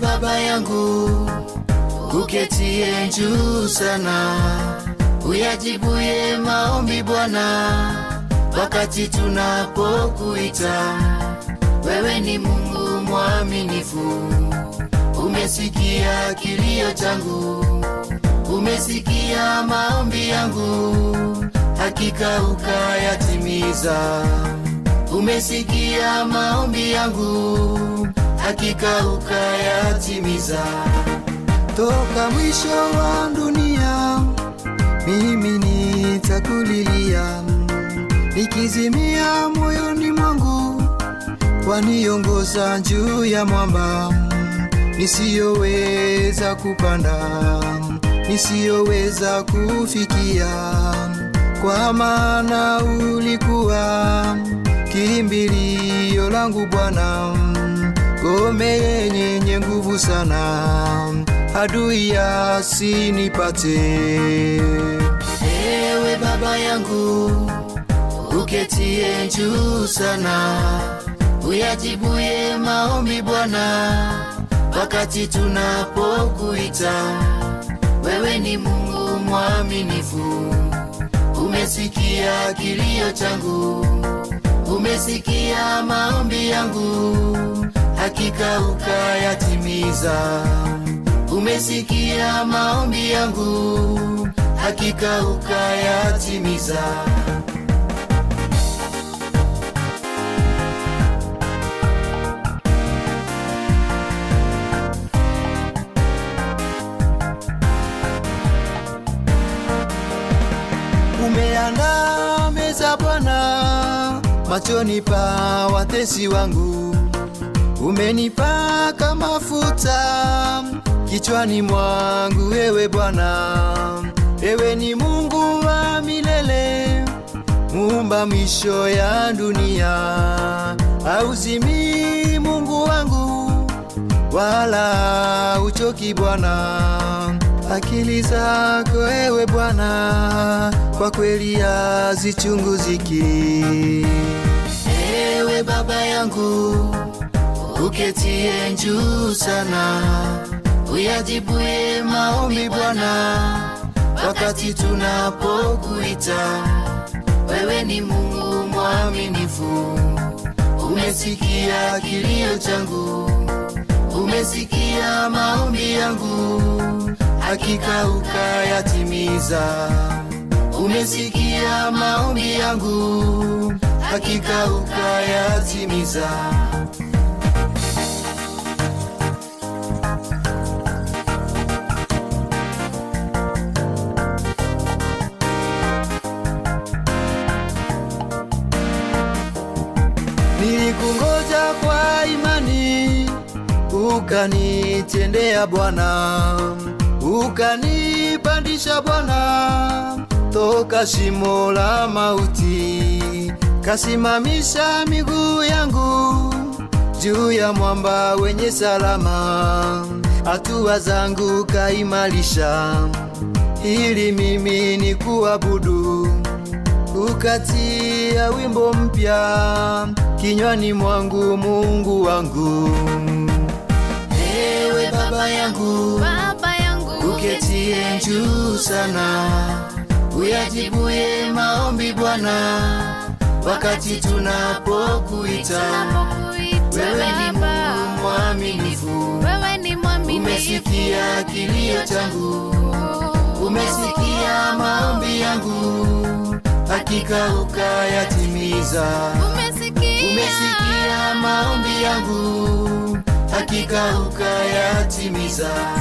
Baba yangu uketiye juu sana, uyajibuye maombi Bwana, wakati tunapokuita. Wewe ni Mungu mwaminifu, umesikia kilio changu, umesikia maombi yangu, hakika ukayatimiza. Umesikia maombi yangu hakika ukayatimiza. Toka mwisho wa dunia mimi nitakulilia, nikizimia moyoni mwangu, waniongoza juu ya mwamba nisiyoweza kupanda, nisiyoweza kufikia, kwa maana ulikuwa kimbilio langu Bwana ngome yenye nguvu sana, adui yasinipate. Ewe Baba yangu uketie juu sana, uyajibuye maombi Bwana wakati tunapokuita. Wewe ni Mungu mwaminifu, umesikia kilio changu, umesikia maombi yangu hakika ukayatimiza. Umesikia maombi yangu, hakika ukayatimiza. Umeandaa meza Bwana machoni pa watesi wangu Umenipaka mafuta kichwani mwangu, wewe Bwana, wewe ni Mungu wa milele, muumba misho ya dunia. auzimi Mungu wangu, wala uchoki Bwana. Akili zako ewe Bwana, kwa kweli hazichunguziki. Ewe Baba yangu uketie njuu sana, uyajibuye maombi Bwana, wakati tunapokuita. Wewe ni Mungu mwaminifu, umesikia kilio changu, umesikia maombi yangu, hakika ukayatimiza. Umesikia maombi yangu, hakika ukayatimiza. nilikungoja kwa imani, ukanitendea Bwana, ukanipandisha Bwana toka shimo la mauti, kasimamisha miguu yangu juu ya mwamba wenye salama, hatua zangu kaimalisha, ili mimi ni kuabudu. Ukatia wimbo mpya kinywani mwangu, Mungu wangu. Ewe Baba yangu, Baba yangu uketie juu sana, uyajibuye maombi Bwana, wakati tunapokuita. Wewe ni Mungu mwaminifu, umesikia kilio changu, umesikia maombi yangu, hakika ukayatimiza umesikia maombi yangu, hakika ukayatimiza.